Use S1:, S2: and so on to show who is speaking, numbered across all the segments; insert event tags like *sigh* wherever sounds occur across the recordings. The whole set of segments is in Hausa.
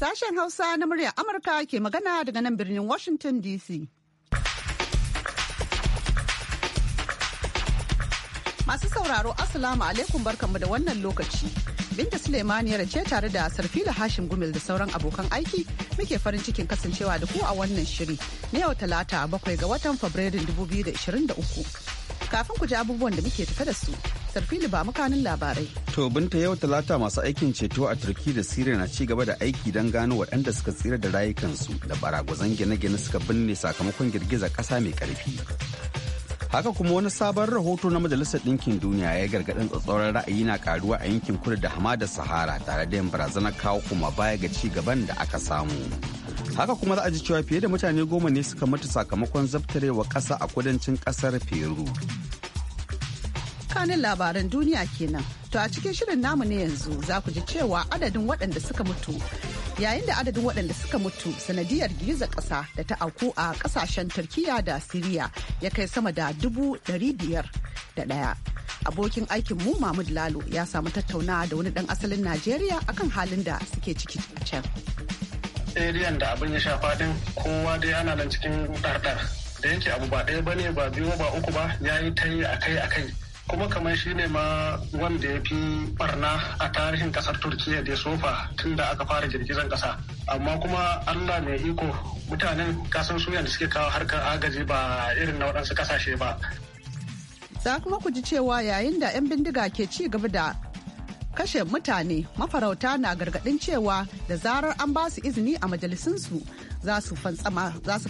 S1: Sashen Hausa na muryar Amurka ke magana daga nan birnin Washington DC. Masu sauraro Asalamu alaikum barkanmu da wannan lokaci. Binta Suleimaniyar ce tare da Sarfila Hashim Gumel da sauran abokan aiki muke farin cikin kasancewa da ku a wannan shiri na yau talata bakwai ga watan Fabrairun 2023. Kafin ku ji abubuwan da muke tafe da su, Sarfili ba makanin labarai.
S2: To binta yau talata masu aikin ceto a Turki da Siriya na ci gaba da aiki don gano waɗanda suka tsira da rayukansu da baragwazon gine-gine suka binne sakamakon girgiza ƙasa mai ƙarfi. Haka kuma wani sabon rahoto na Majalisar Ɗinkin Duniya ya gargaɗin tsatsauran ra'ayi na karuwa a yankin kudu da hamada Sahara tare da yin barazanar kawo kuma baya ga ci gaban da aka samu. Haka kuma za a ji cewa fiye da mutane goma ne suka mutu sakamakon zabtarewa ƙasa a kudancin ƙasar Peru.
S1: kanin labaran duniya kenan. To a cikin shirin namu ne yanzu za ku ji cewa adadin waɗanda suka mutu yayin da adadin waɗanda suka mutu sanadiyar gizo ƙasa da ta auku a ƙasashen Turkiya da Siriya ya kai sama da dubu dari biyar da ɗaya. Abokin aikin mu Mahmud Lalo ya samu tattaunawa da wani ɗan asalin Najeriya akan halin da suke ciki a can.
S3: Eriyan da abin ya sha din kowa dai ana nan cikin ɗarɗar da yake abu ba ɗaya bane ba biyu ba uku ba ya yi ta yi akai akai kuma kamar shi ne ma wanda ya fi barna a tarihin kasar turkiya da sofa tun da aka fara girgizan kasa amma kuma allah mai iko mutanen kasan suya da suke kawo harkar agaji ba irin na waɗansu kasashe ba
S1: za kuma ku ji cewa yayin da 'yan bindiga ke ci gaba da kashe mutane mafarauta na gargadin cewa da zarar an ba su izini a majalisunsu za su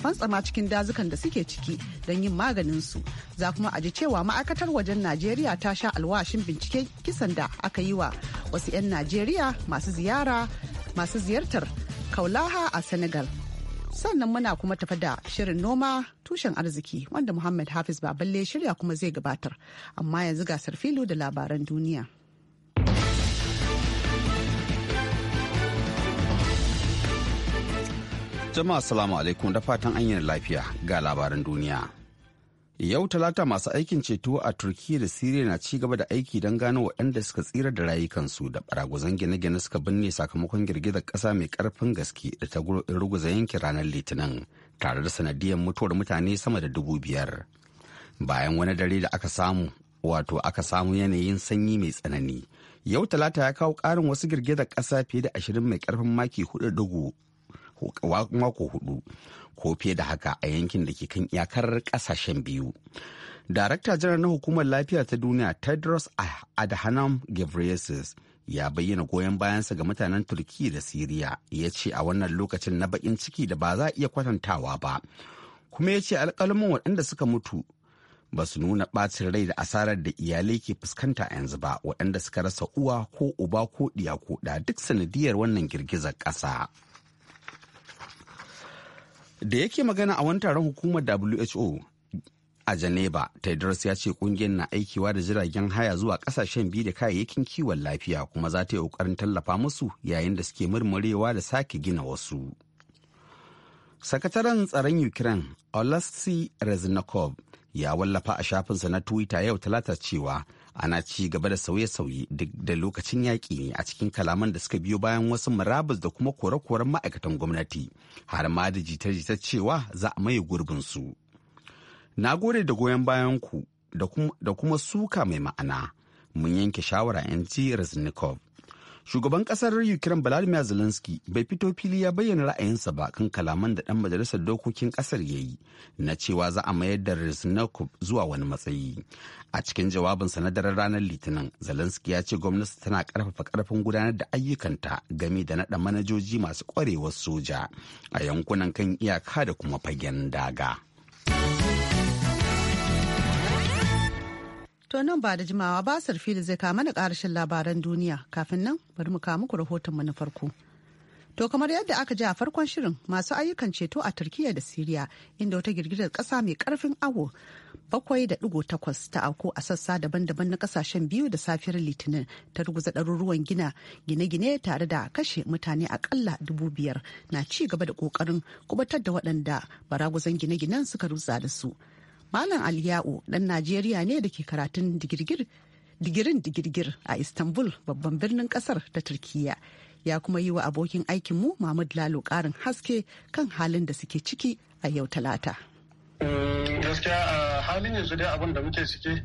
S1: fantsama cikin dazukan da suke ciki don yin maganinsu za kuma a ji cewa ma'aikatar wajen najeriya ta sha alwashin binciken kisan da aka yi wa wasu 'yan najeriya masu ziyara masu ziyartar kaulaha a senegal sannan muna kuma tafa da shirin noma tushen arziki wanda muhammad hafiz baballe shirya kuma zai gabatar amma yanzu gasar sarfilu da labaran duniya.
S2: Jama'a salamu alaikum da fatan an lafiya ga labaran duniya. Yau talata masu aikin ceto a Turkiyya da Siriya na ci gaba da aiki don gano waɗanda suka tsira da rayukansu da baragwazon gine-gine suka binne sakamakon girgizar ƙasa mai ƙarfin gaske da ta ruguza yanki ranar Litinin tare da sanadiyar mutuwar mutane sama da dubu biyar. Bayan wani dare da aka samu, wato aka samu yanayin sanyi mai tsanani. Yau talata ya kawo ƙarin wasu girgizar ƙasa fiye da ashirin mai ƙarfin maki hudu mako hudu ko fiye da haka a yankin da ke kan iyakar kasashen biyu. Darakta janar na hukumar lafiya ta duniya Tedros Adhanom Ghebreyesus ya bayyana goyon bayansa ga mutanen turki da Siriya ya ce a wannan lokacin na bakin ciki da ba za a iya kwatantawa ba. Kuma ya ce alƙalamin waɗanda suka mutu ba su nuna ɓacin rai da asarar da iyalai ke fuskanta a yanzu ba waɗanda suka rasa uwa ko uba ko ɗiya ko ɗa duk sanadiyar wannan girgizar ƙasa. da yake magana a wani taron hukumar who a Geneva, Tedros ya ce kungiyar na aikiwa da jiragen haya zuwa kasashen biyu da kayayyakin kiwon lafiya kuma za ta yi kokarin tallafa musu yayin da suke murmurewa da sake gina wasu. Sakataren tsaron Ukraine, olasi Reznikov, ya wallafa a shafinsa na Twitter yau talata cewa ana ci gaba da sauye-sauye duk da lokacin yaƙi ne a cikin kalaman da suka biyo bayan wasu murabus da kuma kore-koren ma'aikatan gwamnati har ma da jita-jita cewa za a maye gurbin su. Na gode da goyon bayan ku da kuma suka mai ma'ana mun yanke shawara 'yan ji Reznikov Shugaban ƙasar Ukraine Vladimir Zelensky bai fito fili ya bayyana ra'ayinsa ba kan kalaman da ɗan majalisar dokokin ƙasar ya yi na cewa za a mayar da Reznikov zuwa wani matsayi. A cikin jawabinsa na daren ranar Litinin, Zelensky ya ce gwamnati tana ƙarfafa ƙarfin gudanar da ayyukanta game da naɗa manajoji masu ƙwarewar soja a yankunan kan iyaka da kuma fagen daga.
S1: To nan ba da jimawa ba fili zai kama na ƙarashin labaran duniya kafin nan bari mu kawo muku rahotonmu na farko. To kamar yadda aka ji a farkon shirin masu ayyukan ceto a Turkiyya da Siriya inda wata girgizar kasa mai karfin awo bakwai da digo takwas ta auku a sassa daban-daban na kasashen biyu da safiyar Litinin ta ruguza ɗaruruwan gina gine-gine tare da kashe mutane akalla dubu biyar na ci gaba da kokarin kubatar da waɗanda baraguzan gine-ginen suka rutsa da su. Malam Aliyau ɗan Najeriya ne da ke karatun digirgir digirin digirgir a Istanbul babban birnin ƙasar ta Turkiyya. Ya kuma yi wa abokin aikinmu Mahmud Lalo ƙarin haske kan halin da suke ciki a yau talata.
S3: Gaskiya a halin yanzu dai abin da muke ciki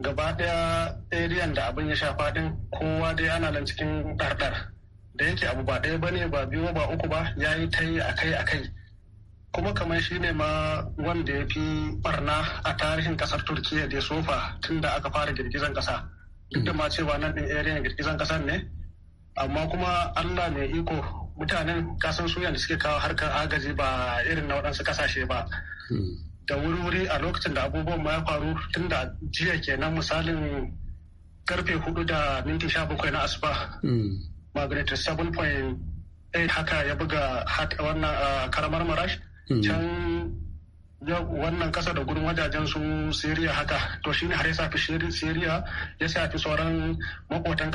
S3: gaba ɗaya eriyan da abin ya shafa ɗin kowa dai ana nan cikin ɗarɗar. Da yake abu ba ɗaya ba ne ba biyu ba uku ba ya yi ta yi akai akai. kuma kamar shi ne ma wanda ya fi barna a tarihin kasar turkiya da sofa tun da aka fara girgizan kasa duk da ma cewa nan din area girgizan kasar ne amma kuma allah mai iko mutanen kasan suya da suke kawo harkar agaji ba irin na waɗansu kasashe ba da wuri-wuri a lokacin da abubuwan ma ya faru tun da jiya kenan misalin karfe hudu da minti sha bakwai na asuba hmm. magritte 7.8 haka ya buga wannan ah, karamar marash Mm. can wannan kasa da gudun wajajen su Siriya haka to shi ne har ya safi Siriya ya safi sauran uh, makotan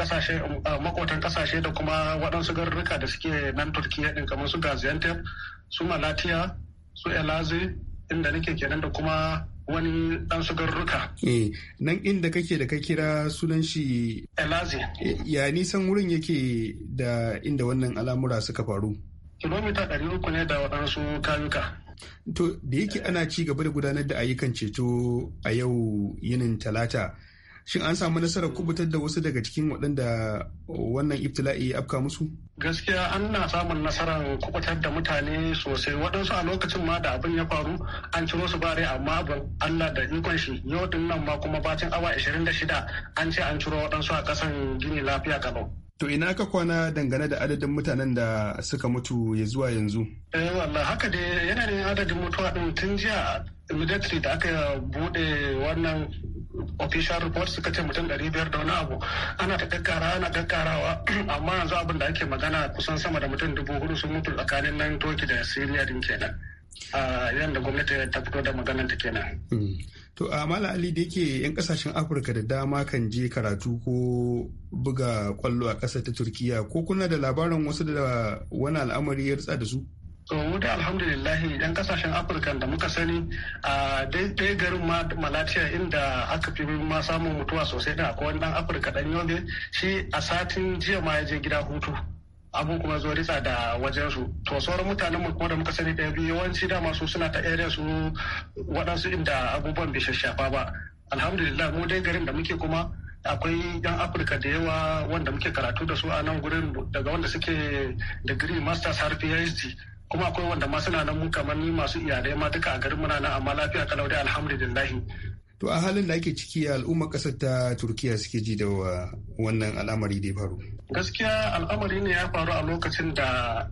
S3: kasashe da kuma waɗansu garurruka da suke nan Turkiya din kamar su Gaziantep su malatiya su elazi inda nake kenan da kuma wani ɗan su garurruka.
S4: Eh, nan inda kake da ka kira sunan shi
S3: Elazi. Eh,
S4: ya nisan wurin yake da inda wannan al'amura suka faru?
S3: kilomita ɗari uku ne da waɗansu kayuka.
S4: To da yake ana ci gaba da gudanar da ayyukan ceto a yau yinin talata. Shin an samu nasarar kubutar da wasu daga cikin waɗanda wannan iftila'i ya afka musu?
S3: Gaskiya an samun nasarar kubutar da mutane sosai waɗansu a lokacin ma da abin ya faru an ciro su bare amma abin Allah da ikon shi yau din nan ma kuma bacin awa 26 an ce an ciro waɗansu a kasan gini lafiya kano.
S4: To ina ka kwana dangane da adadin mutanen da suka mutu ya zuwa yanzu?
S3: Eh wallah haka dai yana ne adadin mutuwa din tun jiya immediately da aka bude wannan official report suka ce mutum 500 da wani abu ana ta kakkara ana kakkarawa *clears throat* amma yanzu abin da ake magana kusan sama da mutum dubu hudu sun mutu tsakanin nan toki da siriya din kenan ah, yadda gwamnati ta fito da maganar ta kenan.
S4: Hmm. To a Mala Ali da yake 'yan kasashen Afirka da dama kan je karatu ko buga kwallo a ƙasar ta Turkiya ko kuna da labarin wasu da wani al'amari ya rutsa da su?
S3: To mu da alhamdulillah yan kasashen Afirka da muka sani a daidai garin Malatiya inda aka fi ma samun mutuwa sosai da akwai wani dan Afirka dan yobe shi a satin jiya ma ya je gida hutu. Abu kuma zo da wajen su to sauran mutanen mu kuma da muka sani ɗaya biyu yawanci dama su suna ta area su waɗansu inda abubuwan bai shashafa ba alhamdulillah mu dai garin da muke kuma akwai yan afirka da yawa wanda muke karatu da su a nan gurin daga wanda suke digiri masters har phd kuma akwai wanda ma suna nan mu kamar ni masu iyalai ma duka a garin muna nan amma lafiya kalau dai alhamdulillah
S4: to a halin da ake ciki al'ummar ƙasar ta turkiya suke ji da wannan al'amari da ya faru
S3: gaskiya al'amari ne ya faru a lokacin da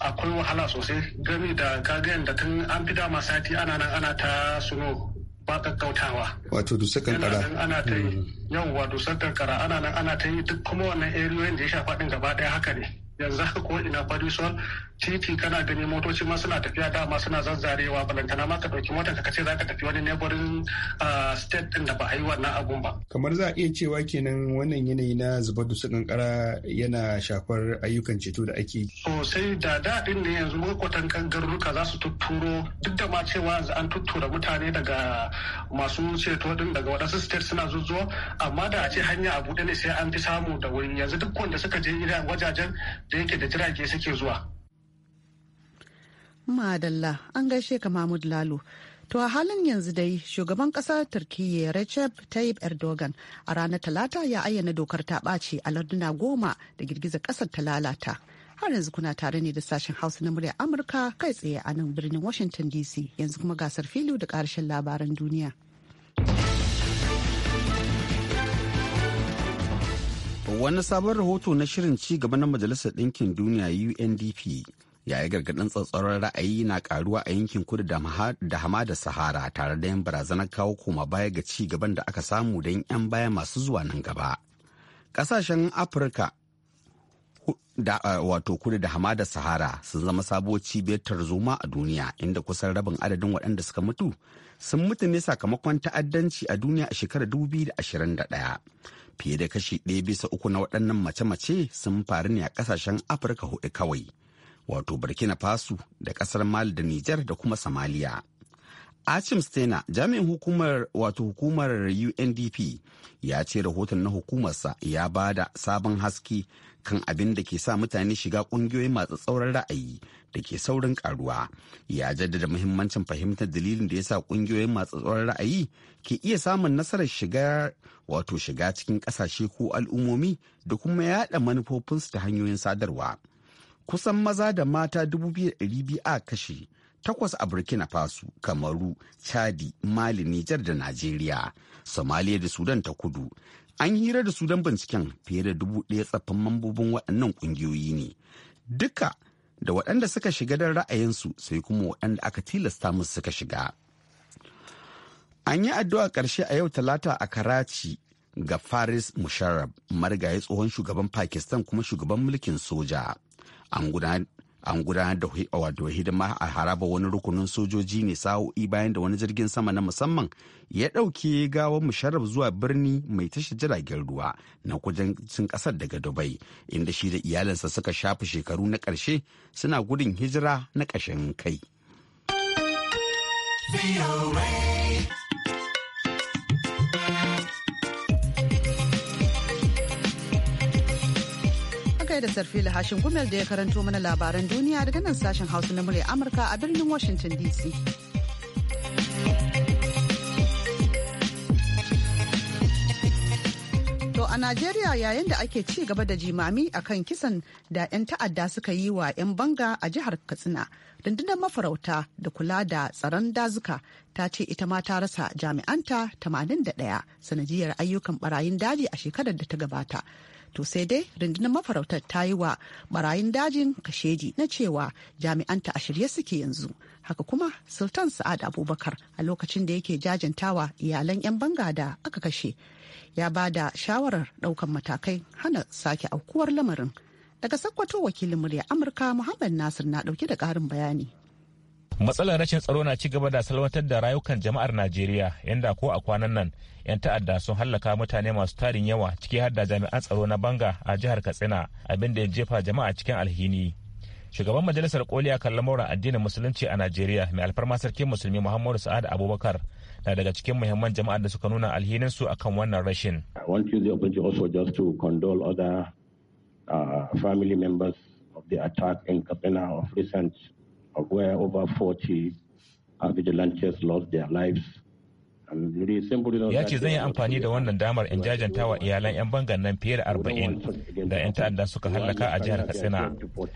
S3: akwai wahala sosai gami da gagayen da tun an fi dama sati ana nan ana ta suno ba kakkautawa. Wato dusar kankara. ana ta yi. Hmm. dusar kankara ana nan ana ta yi duk kuma wannan eriyoyin da ya shafa din gaba ɗaya haka ne. yanzu haka ko ina son titi kana gani motoci ma suna tafiya dama suna zazzarewa balantana ma ka ɗauki motar ka ce za ka tafi wani neighboring ah, state ɗin da ba a yi wannan abun ba.
S4: Kamar za a iya cewa kenan wannan yanayi na zubar dusu kankara yana shafar ayyukan ceto da ake.
S3: Sosai da daɗin ne yanzu makwatan kan garuruka za su tutturo duk da ma cewa yanzu an tuttura mutane daga masu ceto ɗin daga waɗansu state suna zuzzuwa amma da a ce hanya a buɗe ne sai an fi samu da wuri yanzu duk wanda suka je wajajen da yake da jirage suke zuwa.
S1: Madalla an gaishe ka Mahmud Lalo. To a halin yanzu dai shugaban kasar Turkiyya Recep Tayyip Erdogan a ranar Talata ya ayyana dokar ta ɓace a larduna goma da girgizar ƙasar ta lalata. Har yanzu kuna tare ne da sashen Hausa na muryar Amurka kai tsaye a nan birnin Washington DC yanzu kuma gasar filu da ƙarshen labaran duniya.
S2: wani sabon rahoto na shirin ci gaba na majalisar ɗinkin duniya undp ya yi gargaɗin tsatsarar ra'ayi na karuwa a yankin kudu da hamada sahara tare da 'yan barazanar kawo koma baya ga ci gaban da aka samu don 'yan baya masu zuwa nan gaba ƙasashen afirka da wato kudu da hamada sahara sun zama sabuwar cibiyar tarzoma a duniya inda kusan rabin adadin waɗanda suka mutu sun mutu ne sakamakon ta'addanci a duniya a shekarar 2021 fiye da kashi ɗaya bisa uku na waɗannan mace-mace sun faru ne a ƙasashen afirka hudu kawai wato burkina faso da ƙasar mali da nijar da kuma samaliya achim stena jami'in hukumar wato hukumar undp ya ce rahoton na hukumarsa ya bada sabon haske kan abin da ke sa mutane shiga kungiyoyin masu tsauran ra'ayi da ke saurin karuwa ya jaddada muhimmancin fahimtar dalilin da ya sa kungiyoyin masu tsauran ra'ayi ke iya samun nasarar shiga wato shiga cikin kasashe ko al'ummomi da kuma yada manufofinsu ta hanyoyin sadarwa kusan maza da mata biyu a kashe takwas a burkina faso kamaru chadi mali nijar da najeriya somaliya da sudan ta kudu an hira da su don binciken fiye da dubu ɗaya tsaffin mambobin waɗannan ƙungiyoyi ne duka da waɗanda suka shiga don ra'ayinsu sai kuma waɗanda aka tilasta musu suka shiga an yi addu'a ƙarshe a yau talata a karachi ga faris musharraf marigayi tsohon shugaban pakistan kuma shugaban mulkin soja an an gudanar da wato hidima a haraba wani rukunin sojoji ne sa'o'i bayan da wani jirgin sama na musamman ya ɗauki gawar musharraf zuwa birni mai tashi jiragen ruwa na kudancin ƙasar daga dubai inda shi da iyalinsa suka shafi shekaru na ƙarshe suna gudun hijira na ƙashin kai.
S1: da sarfila hashin gumel da ya karanto mana labaran duniya daga nan sashen hausa na murya amurka a birnin washington dc To a Najeriya yayin da ake ci gaba da jimami a kan kisan da 'yan ta'adda suka yi wa 'yan banga a jihar Katsina, rundunar mafarauta da kula da tsaron dazuka ta ce ita ma ta rasa jami'anta 81 sanadiyar ayyukan barayin daji a shekarar da ta gabata. to sai dai rundunar mafarautar ta yi wa barayin dajin kasheji na cewa jami'anta a shirye suke yanzu haka kuma sultan sa'ad abubakar a lokacin da yake jajintawa iyalan 'yan banga da aka kashe ya ba da shawarar daukan matakai hana sake aukuwar lamarin daga sakkwato wakilin murya amurka muhammad nasir na dauke da karin bayani
S5: matsalar rashin tsaro na ci gaba da salwantar da rayukan jama'ar najeriya yadda ko a kwanan nan 'yan ta'adda sun hallaka mutane masu tarin yawa ciki har da jami'an tsaro na banga a jihar katsina abinda ya jefa jama'a cikin alhini shugaban majalisar koliya kan lamuran addinin musulunci a najeriya mai alfarma sarki musulmi muhammadu sa'ad abubakar na daga cikin muhimman jama'ar da suka nuna alhinin su akan wannan rashin want to to condole other uh, family members of the attack in katsina of recent of where over 40 vigilantes lost their lives ya ce zan yi amfani da wannan damar in jajanta wa iyalan 'yan bangan nan fiye da arba'in da 'yan ta'adda suka hallaka a jihar katsina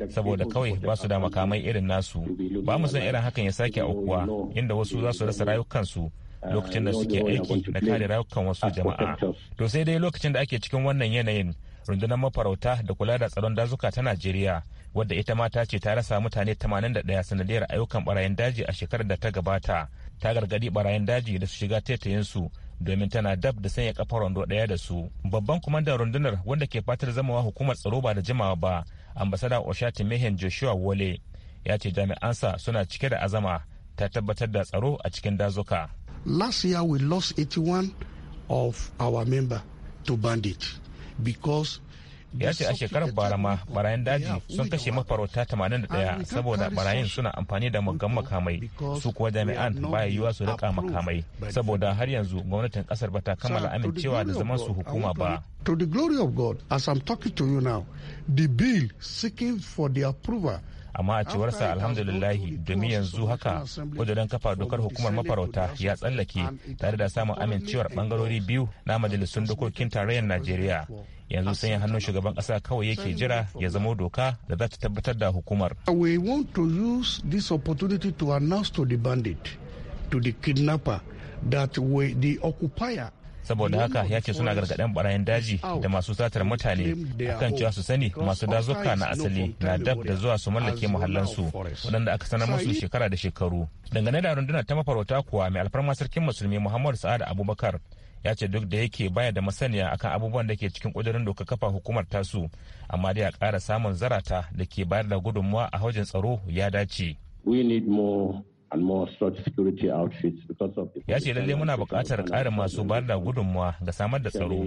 S5: saboda kawai ba su da makamai irin nasu ba mu san irin hakan ya sake aukuwa inda wasu za su rasa rayukansu lokacin da suke aiki na kare rayukan wasu jama'a to sai dai lokacin da ake cikin wannan yanayin rundunar mafarauta da kula da tsaron dazuka ta najeriya wadda ita mata ce ta rasa mutane 81 sanadiyar ayyukan barayin daji a shekarar da ta gabata ta gargadi barayin daji da su shiga taitayin su domin tana dab da sanya kafar rondo daya da su babban kwamandan rundunar wanda ke fatar zamawa hukumar tsaro ba da jimawa ba ambasada oshati mehen joshua wole ya ce jami'ansa suna cike da azama ta tabbatar da tsaro a cikin dazuka
S3: last year we lost 81 of our member to bandit
S5: because ya ce a shekarar barama barayin daji sun kashe mafarauta 81 saboda barayin suna amfani da muggan makamai su kuwa jami'an baya yiwuwa su rika makamai saboda har yanzu gwamnatin kasar ba ta kammala amincewa da zaman su hukuma ba
S3: to the glory of god as i'm talking to you now the bill seeking for the approval
S5: amma a cewarsa alhamdulillahi domin yanzu haka kudurin kafa dokar hukumar mafarauta ya tsallake tare da samun amincewar bangarori biyu na majalisun dokokin tarayyar najeriya yanzu sanya hannun shugaban kasa kawai yake jira ya zamo doka da za ta tabbatar da hukumar
S3: we want to use this opportunity to announce to the bandit to the kidnapper that we, the occupier saboda haka ya ce suna gargaɗin
S5: barayin daji da masu satar mutane akan cewa su sani masu dazuka na asali na dab da zuwa su mallake muhallansu waɗanda aka sanar musu shekara da shekaru dangane da rundunar ta mafarauta kuwa mai alfarma sarkin musulmi muhammadu sa'ad abubakar ya ce duk da yake baya da masaniya akan abubuwan da ke cikin ƙudurin doka kafa hukumar tasu amma dai a ƙara samun zarata da ke bayar da gudunmuwa a haujin tsaro ya dace. We need more and more such security outfits because of Ya ce lalle muna bukatar karin masu bayar da gudunmuwa ga samar da tsaro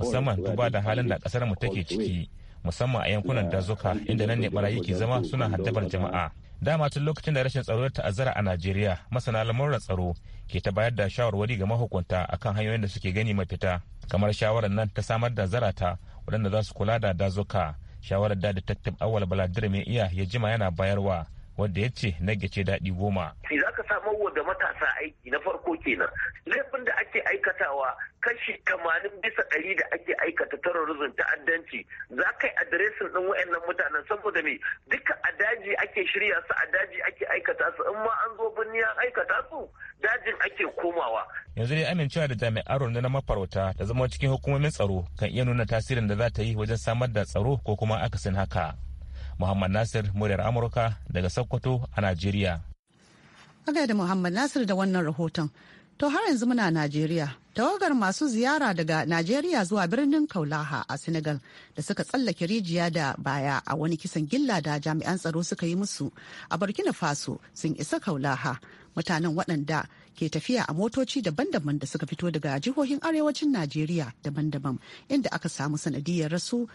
S5: musamman duba da halin da ƙasar mu take ciki musamman a yankunan dazuka inda nan ne barayi ke zama suna haddabar jama'a. Dama tun lokacin da rashin tsaro ta ta'azzara a Najeriya masana lamuran tsaro ke ta bayar da shawarwari ga mahukunta akan hanyoyin da suke gani mafita kamar shawarar nan ta samar da zarata waɗanda za su kula da dazuka shawarar da detective awal baladir mai iya ya jima yana bayarwa wadda ya ce nage ce daɗi goma.
S6: Shi za ka samar wa da matasa aiki na farko kenan. Laifin da ake aikatawa kashi tamanin bisa ɗari da ake aikata terrorism ta'addanci za ka yi adiresin ɗin wa'annan mutanen saboda me duka a daji ake shirya su a daji ake aikata su in ma an zo birni an aikata su dajin ake
S3: komawa.
S5: Yanzu dai amincewa da jami'an na mafarauta da zama cikin hukumomin tsaro kan iya nuna tasirin da za ta yi wajen samar da tsaro ko kuma akasin haka. Muhammad Nasir muryar Amurka daga Sokoto a Najeriya.
S1: Aga da Muhammad Nasir da wannan rahoton. To har yanzu muna Najeriya. Tawagar masu ziyara daga Najeriya zuwa birnin Kaulaha a Senegal da suka tsallake rijiya da baya a wani kisan gilla da jami'an tsaro suka yi musu a Burkina Faso sun isa Kaulaha. Mutanen waɗanda ke tafiya a motoci daban-daban da suka fito daga jihohin arewacin Najeriya daban-daban inda aka samu sanadiyar rasu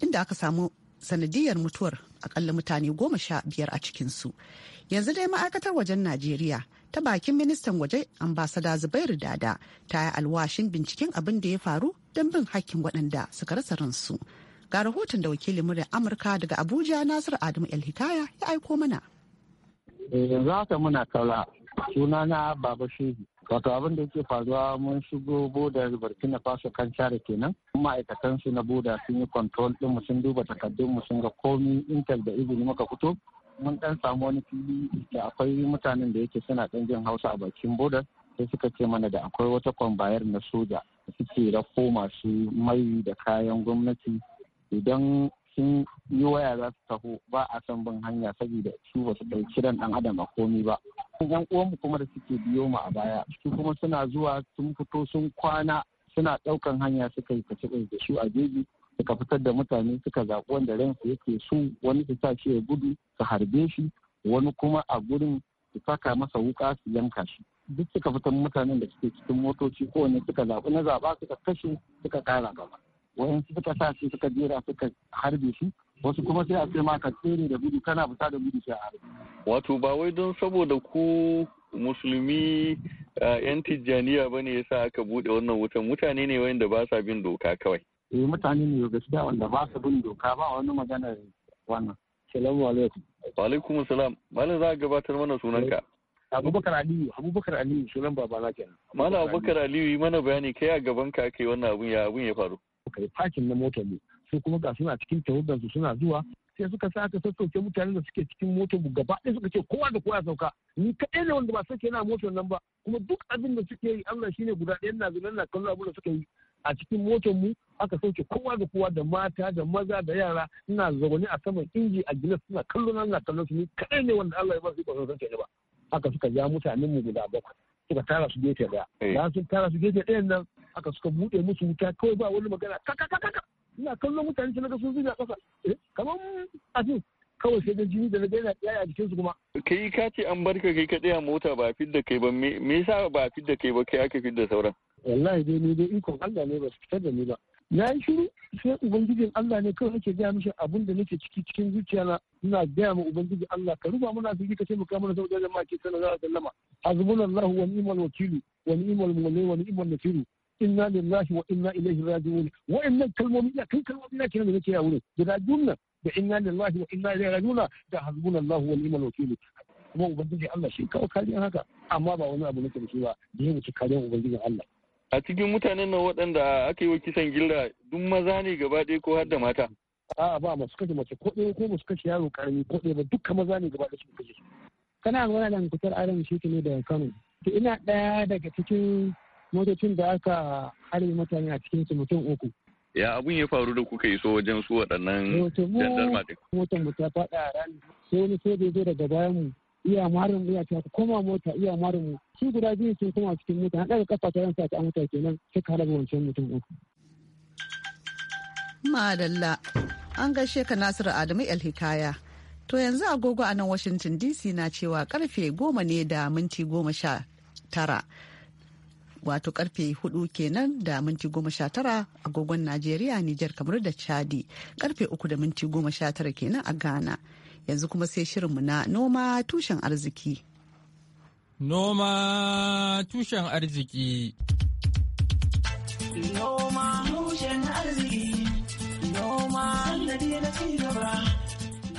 S1: inda aka samu sanadiyar mutuwar akalla mutane goma sha biyar a cikinsu yanzu dai ma'aikatar wajen najeriya ta bakin ministan waje ambasada zubairu dada ta yi alwashin binciken abin da ya faru don bin hakkin waɗanda suka rasa ransu ga rahoton da wakilin muryar amurka daga abuja nasir adamu el hikaya ya aiko mana
S6: eh, yanzu haka muna kala sunana baba shehi Wato abin da yake faruwa mun shigo boda Burkina Faso kan share kenan. Ma'aikatan su na boda sun yi control din mu sun duba takardun mu sun ga komi intel da izini muka fito. Mun dan samu wani fili da akwai mutanen da yake suna dan jin Hausa a bakin boda sai suka ce mana da akwai wata kwambayar na soja suke rako masu mai da kayan gwamnati idan sun yi waya za su taho ba a san bin hanya saboda su ba su ɗauki ran ɗan adam a komi ba yan uwanmu kuma da suke biyo mu a baya su kuma suna zuwa sun fito sun kwana suna ɗaukan hanya suka yi kace da su a jeji suka fitar da mutane suka zaɓi wanda ransu yake su wani su sa shi ya gudu su harbe shi wani kuma a gurin su saka masa wuka su yanka shi duk suka fitar mutanen da suke cikin motoci kowane suka zaɓi na zaɓa suka kashe suka ƙara gaba wayansu suka sa shi suka jera suka harbe shi wasu kuma sai a ce ma ka tsere da gudu kana fita da gudu sai a wato ba wai don saboda ku musulmi yan tijjaniya ba ne yasa aka bude wannan wutan mutane ne wanda ba sa bin doka kawai eh mutane ne gaskiya wanda ba sa bin doka ba wani magana wannan salamu alaikum wa alaikum salam malam za a gabatar mana sunanka abubakar aliyu abubakar aliyu sunan na kenan
S7: malam abubakar
S6: aliyu yi mana bayani kai a gaban ka kai wannan abun ya abun ya faru kai fakin na mota ne sai kuma ga suna cikin tawagar su suna zuwa sai suka sa aka sassauke mutanen da suke cikin motar mu gaba ɗaya suka ce kowa da kowa sauka ni kaɗai ne wanda ba sake yana motar nan ba kuma duk abin da suke yi Allah shine guda ɗaya na zuwa na kallon abin da suka yi a cikin motar mu aka sauke kowa da kowa da mata da maza da yara ina zaune a saman inji a gilas suna kallo na na kallon su ni kaɗai ne wanda Allah ya ba su ikon sauke ne ba haka suka ja mutanen mu guda bakwai suka tara su gefe ɗaya eh. bayan sun tara su gefe ɗayan nan aka suka buɗe musu wuta kawai ba wani magana ka ina kallon mutane sai naga sun zuba kasa eh, kamar asin kawai sai da jini da na daina tsaya a jikinsu kuma. kai ka ce an barka kai kaɗai a mota ba fit da kai ba me yasa ba fit da kai ba kai aka fit da sauran. wallahi dai ni dai ikon Allah ne ba su fitar da ni ba. na yi shiru sai ubangijin Allah ne kawai nake gaya mishi abin da nake ciki cikin zuciya na ina gaya ma ubangijin Allah ka ruba mana asiri ka ce muka mana saboda jama'a ke sallallahu alaihi wasallam hasbunallahu wa ni'mal wakilu wa ni'mal wani wa ni'mal nasiru inna lillahi wa inna ilaihi raji'un wa'annan kalmomi da kan kalmomi na kenan da yake yawo da jumla da inna lillahi wa inna ilaihi raji'un da hasbunallahu wa ni'mal wakil kuma ubangiji Allah shi kawai kariyar haka amma ba wani abu nake da shi ba da ya wuce kariyar ubangijin Allah a cikin mutanen nan waɗanda aka yi wa kisan gilla duk maza ne gaba ɗaya ko har da mata a'a ba masu kashe mace ko ɗaya ko masu kashe yaro karami ko ɗaya ba duka maza ne gaba ɗaya su kashe kana magana da kutar aran shi ne da kano to ina ɗaya daga cikin motocin da aka harbe mutane a cikin mutum uku ya abun ya faru da kuka iso wajen su waɗannan eh, jandarma motar mu ta faɗa a ran sai wani soja zo daga bayan mu iya marin mu iya ta koma mota iya marin mu su guda biyu sun koma cikin mota na ɗaga kafa ta ransa ta mota kenan suka harbe wancan mutum uku
S1: madalla an gaishe ka nasiru adamu hikaya to yanzu agogo a nan washington dc na cewa karfe goma ne da minti goma sha tara wato karfe 4 kenan da minti 19 agogon Najeriya, Nijar, kamar da Chadi, karfe 3 da minti 19 kenan a Ghana. Yanzu kuma sai shirinmu na noma tushen arziki.
S8: Noma tushen arziki.
S7: Noma tushen arziki. Noma na gaba.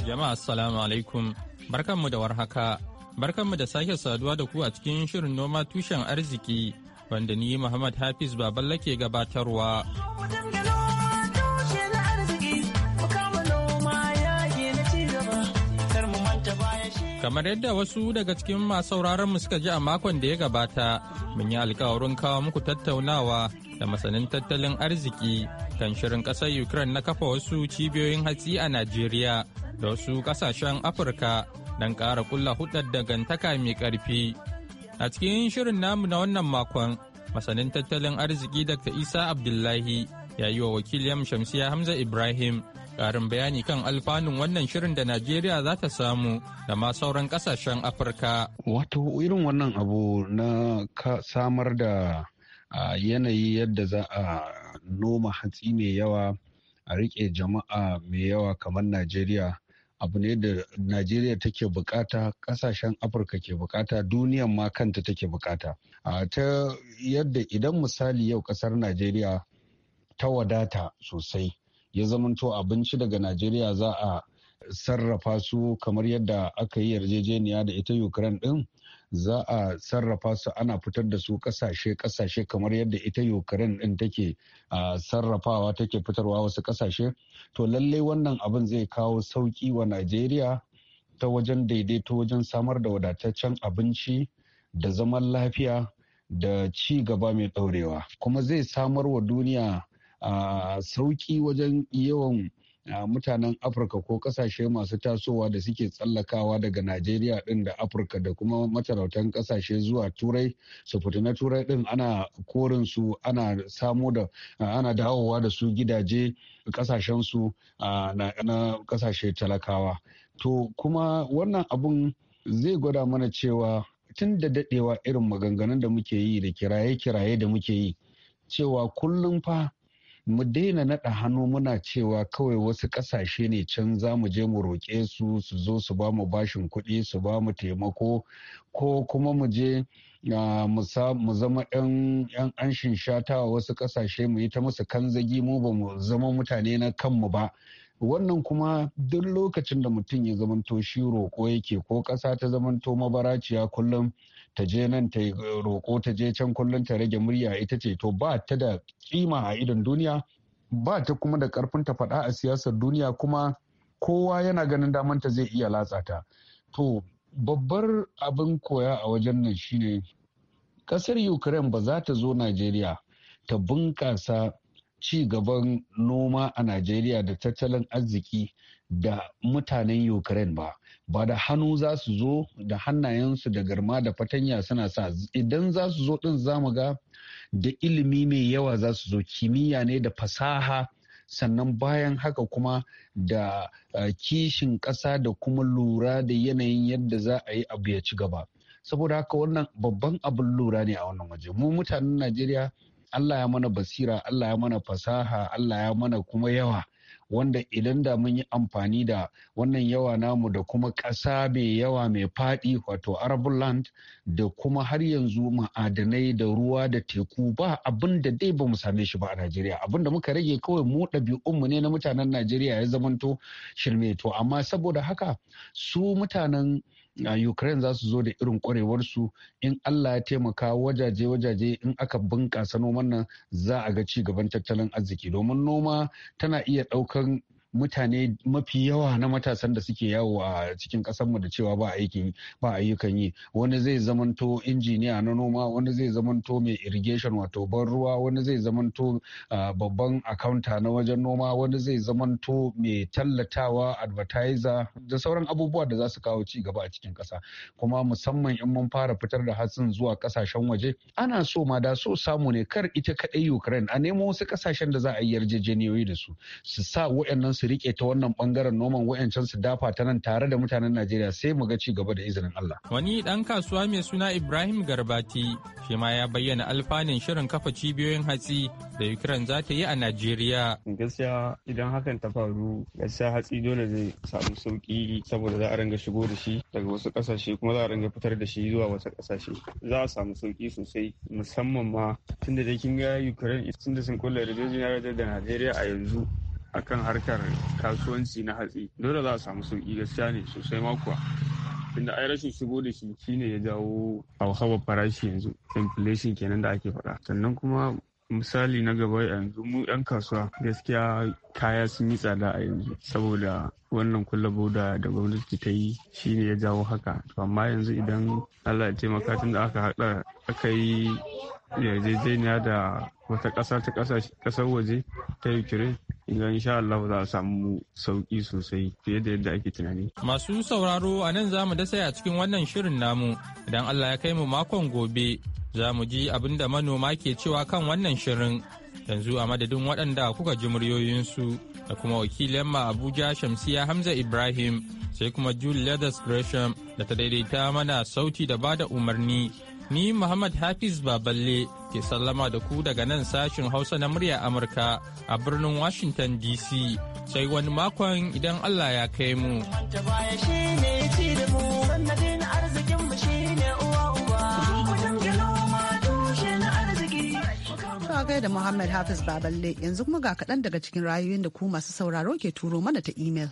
S8: Jama'a assalamu alaikum. Barkanmu da warhaka. Barkanmu da sake saduwa da ku a cikin shirin noma tushen arziki wanda ni Muhammad Hafiz Baballe ke gabatarwa. Kamar yadda wasu daga cikin masu mu suka ji a makon da ya gabata, mun yi alkawarin kawo muku tattaunawa da masanin tattalin arziki kan shirin ƙasar Ukraine na kafa wasu cibiyoyin hatsi a Najeriya da wasu ƙasashen Afirka don ƙara kulla hudar dangantaka mai ƙarfi. A cikin shirin namu na wannan makon, masanin tattalin arziki Dr. Isa Abdullahi ya yi wa wakiliyam Shamsiya Hamza Ibrahim ƙarin bayani kan alfanun wannan shirin da Najeriya za ta samu da ma sauran ƙasashen Afirka.
S9: Wato irin wannan abu na samar da yanayi yadda za a noma hatsi mai yawa a riƙe jama'a mai yawa kamar Najeriya abu ne da najeriya take bukata kasashen afirka ke bukata duniyan ma kanta take bukata a ta yadda idan misali yau kasar najeriya ta wadata sosai ya zamanto abinci daga najeriya za a sarrafa su kamar yadda aka yi yarjejeniya da ita ukraine din za a sarrafa su ana fitar da su kasashe kasashe kamar yadda ita ukraine din take sarrafawa take fitarwa wasu kasashe to lallai wannan abin zai kawo sauki wa najeriya ta wajen daidaito wajen samar da wadataccen abinci da zaman lafiya da ci gaba mai ɗorewa kuma zai samar wa duniya sauki wajen yawan a mutanen afirka ko kasashe masu tasowa da suke tsallakawa daga najeriya din da afirka da kuma matalautan kasashe zuwa turai su fita na turai din ana korin su ana samo da ana dawowa da su gidaje kasashen su na kasashe talakawa to kuma wannan abun zai gwada mana cewa tun da dadewa irin maganganun da muke yi da kiraye-kiraye da muke yi cewa kullum fa mu daina naɗa hannu muna cewa kawai wasu ƙasashe ne can za mu je mu roƙe su su zo su ba mu bashin kuɗi su ba mu taimako ko kuma mu je mu zama 'yan an shata wa wasu ƙasashe mu yi ta musu kanzagi mu ba mu zama mutane na kanmu ba wannan kuma duk lokacin da mutum ya zamanto shi roƙo yake ko ƙasa ta zamanto mabaraciya kullum ta je nan ta yi roƙo ta je can kullum ta rage murya ita ce to ba ta da kima a idon duniya ba ta kuma da karfin ta faɗa a siyasar duniya kuma kowa yana ganin daman ta zai iya latsa ta to babbar abin koya a wajen nan shine kasar ukraine ba za ta zo najeriya ta bunƙasa ci gaban noma a najeriya da tattalin arziki da mutanen ukraine ba ba da hannu za su zo da hannayensu da garma da fatanya suna sa idan za su zo din za ga da ilimi mai yawa za su zo kimiyya ne da fasaha sannan bayan haka kuma da kishin ƙasa da kuma lura da yanayin yadda za a yi abu ya ci gaba saboda haka wannan babban abin lura ne a wannan waje mu mutanen najeriya allah ya mana basira allah ya mana fasaha allah ya mana kuma yawa wanda idan da mun yi amfani da wannan yawa namu da kuma ƙasa mai yawa mai faɗi wato arable land da kuma har yanzu ma'adanai da ruwa da teku ba abin da dai ba mu same shi ba a najeriya abin da muka rage kawai mu ɗabi'unmu ne na mutanen najeriya ya zamanto shirme to amma saboda haka su mutanen ukraine za su zo da irin kwarewarsu in allah ya taimaka wajaje-wajaje in aka bunƙasa noman nan za a ga ci gaban tattalin arziki domin noma tana iya ɗaukan mutane mafi yawa na matasan da suke yawo a cikin mu da cewa ba aikin ba ayyukan yi wani zai zamanto injiniya na noma wani zai zamanto mai irrigation wato ban ruwa wani zai zamanto ah, babban akaunta na wajen noma wani zai zamanto mai tallatawa advertiser da sauran abubuwa da za su kawo ci gaba a cikin ƙasa kuma musamman in mun fara fitar da hatsin zuwa ƙasashen waje ana so ma da so samu ne kar ita kaɗai ukraine a nemo wasu ƙasashen da za a yi yarjejeniyoyi da su su sa waɗannan su rike ta wannan bangaren noman wayancan su dafa ta nan tare da mutanen Najeriya sai mu ga ci gaba da izinin Allah.
S8: Wani dan kasuwa mai suna Ibrahim Garbati shi ma ya bayyana alfanin shirin kafa cibiyoyin hatsi da Ukraine za ta yi a Najeriya. Gaskiya
S4: idan hakan ta faru gaskiya hatsi dole zai samu sauki saboda za a ringa shigo da shi daga wasu kasashe kuma za a ringa fitar da shi zuwa wasu kasashe. Za a samu sauki sosai musamman ma tunda da kin ga Ukraine tunda sun kulla yarjejeniyar da Najeriya a yanzu akan harkar kasuwanci na hatsi dole za a samu sauki gaskiya ne sosai ma kuwa tunda ai rashin shigo da shi shine ya jawo hauhawar farashi yanzu inflation kenan da ake faɗa sannan kuma misali na gaba yanzu mu 'yan kasuwa gaskiya kaya sun yi tsada a yanzu saboda wannan kullabo da da gwamnati ta yi shine ya jawo haka to amma yanzu idan allah ya taimaka tun da aka haɗa aka yi yarjejeniya da wata ƙasa ta ƙasar waje ta ukraine idan insha Allah za a samu sauki sosai fiye da yadda ake tunani.
S8: Masu sauraro a nan za mu dasa a cikin wannan shirin namu idan Allah ya kai mu makon gobe za mu ji abin da manoma ke cewa kan wannan shirin yanzu a madadin waɗanda kuka ji muryoyinsu da kuma wakilin ma Abuja Shamsiya Hamza Ibrahim sai kuma Jude Leathers Gresham da ta daidaita mana sauti da bada umarni Ni Muhammad Hafiz Baballe ke sallama da ku daga nan sashin Hausa na murya Amurka a birnin Washington DC sai wani makon idan Allah ya kai mu.
S1: kai da Muhammad Hafiz Baballe yanzu kuma ga kaɗan daga cikin rayuwar da ku masu sauraro ke turo mana ta imel.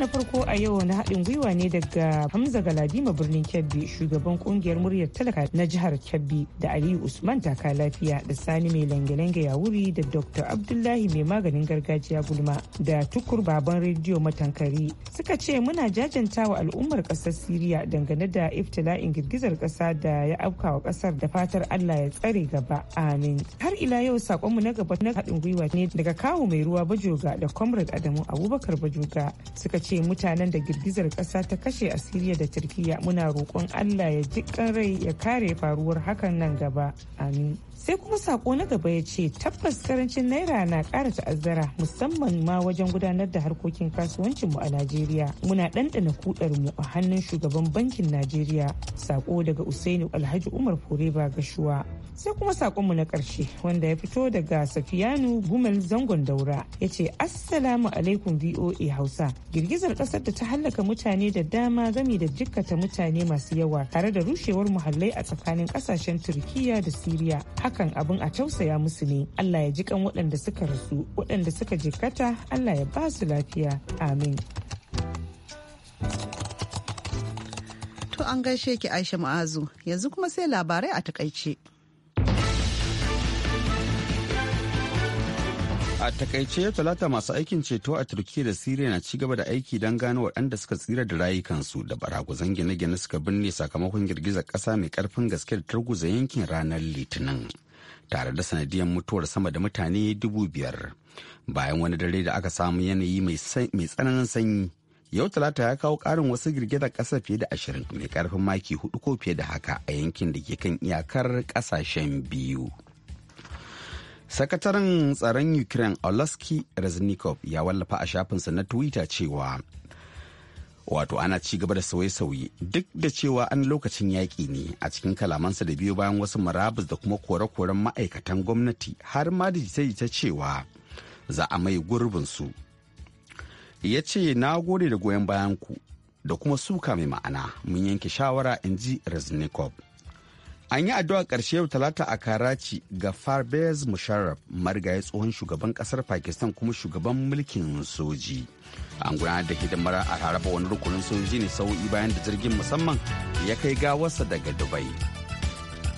S7: na farko a yau na haɗin gwiwa ne daga Hamza Galadima birnin Kebbi shugaban kungiyar muryar talaka na jihar Kebbi da Aliyu Usman taka lafiya da Sani mai lange-lange ya wuri da Dr. Abdullahi mai maganin gargajiya gulma da tukur baban rediyo matankari suka ce muna jajanta wa al'ummar ƙasar Siriya dangane da iftila'in girgizar ƙasa da ya wa ƙasar da fatar Allah ya tsare gaba amin. Har ila yau sakonmu na gaba na haɗin gwiwa ne daga kawo mai ruwa bajoga da Comrade Adamu Abubakar bajoga suka ce ce mutanen da girgizar ƙasa ta kashe a Siriya da Turkiya muna roƙon Allah ya jiƙan rai ya kare faruwar hakan nan gaba. Amin. sai kuma sako na gaba ya ce tabbas karancin naira na kara ta'azzara musamman ma wajen gudanar da harkokin kasuwancin mu a najeriya muna ɗanɗana kudar mu a hannun shugaban bankin najeriya sako daga usaini alhaji umar ba gashuwa sai kuma sakon mu na ƙarshe wanda ya fito daga safiyanu gumel zangon daura ya ce assalamu alaikum voa hausa girgizar ƙasar da ta hallaka mutane da dama gami da jikkata mutane masu yawa tare da rushewar muhallai a tsakanin ƙasashen turkiya da siriya haka hakan abin a tausaya musu ne allah ya ji kan waɗanda suka rasu waɗanda suka jikata allah ya ba su lafiya amin
S1: to an gaishe ki aisha ma'azu yanzu kuma sai labarai a takaice
S2: A takaice talata masu aikin ceto a Turkiyya da Siriya na ci gaba da aiki don gano waɗanda suka tsira da rayukansu da baraguzan gine-gine suka binne sakamakon girgizar ƙasa mai ƙarfin gaske da turguza yankin ranar Litinin. tare da sanadiyar mutuwar sama da mutane dubu biyar bayan wani dare da aka samu yanayi mai tsananin sanyi yau talata ya kawo karin wasu girgizar ƙasa fiye da ashirin mai karfin maki hudu ko fiye da haka a yankin da ke kan iyakar ƙasashen biyu sakataren tsaron ukraine olaski reznikov ya wallafa a shafinsa na twitter cewa wato ana ci gaba da sauye-sauye duk da cewa an lokacin yaƙi ne a cikin kalamansa da biyu bayan wasu marabus da kuma kore-koren ma'aikatan gwamnati har ma da jita-jita cewa za a mai gurbinsu ya ce na gode da goyon bayan ku da kuma suka mai ma'ana mun yanke shawara in ji reznikov an yi addu'a ƙarshe yau talata a karachi ga farbez musharraf marigayi tsohon shugaban ƙasar pakistan kuma shugaban mulkin soji an gudanar da hidimar a haraba wani rukunin soji ne sau'i bayan da jirgin musamman ya kai gawarsa daga dubai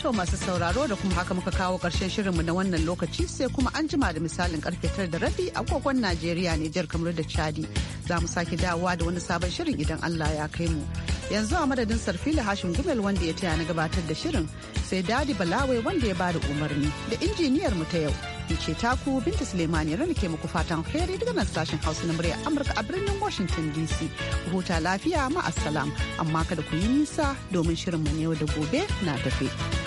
S1: To masu sauraro da kuma haka muka kawo ƙarshen shirinmu na wannan lokaci sai kuma an jima da misalin karfe tara da rabi a kogon Najeriya Nijar kamar da Chadi. Za mu sake dawowa da wani sabon shirin idan Allah ya kai mu. Yanzu a madadin Sarfila Hashim Gumel wanda ya taya na gabatar da shirin sai Dadi Balawai wanda ya bada umarni da injiniyar mu ta yau. Ni ce taku Binta Suleimani Rani ke muku fatan fere daga nan sashen Hausa na murya Amurka a birnin Washington DC. Ku huta lafiya ma amma kada ku yi nisa domin shirin mu yau da gobe na tafe.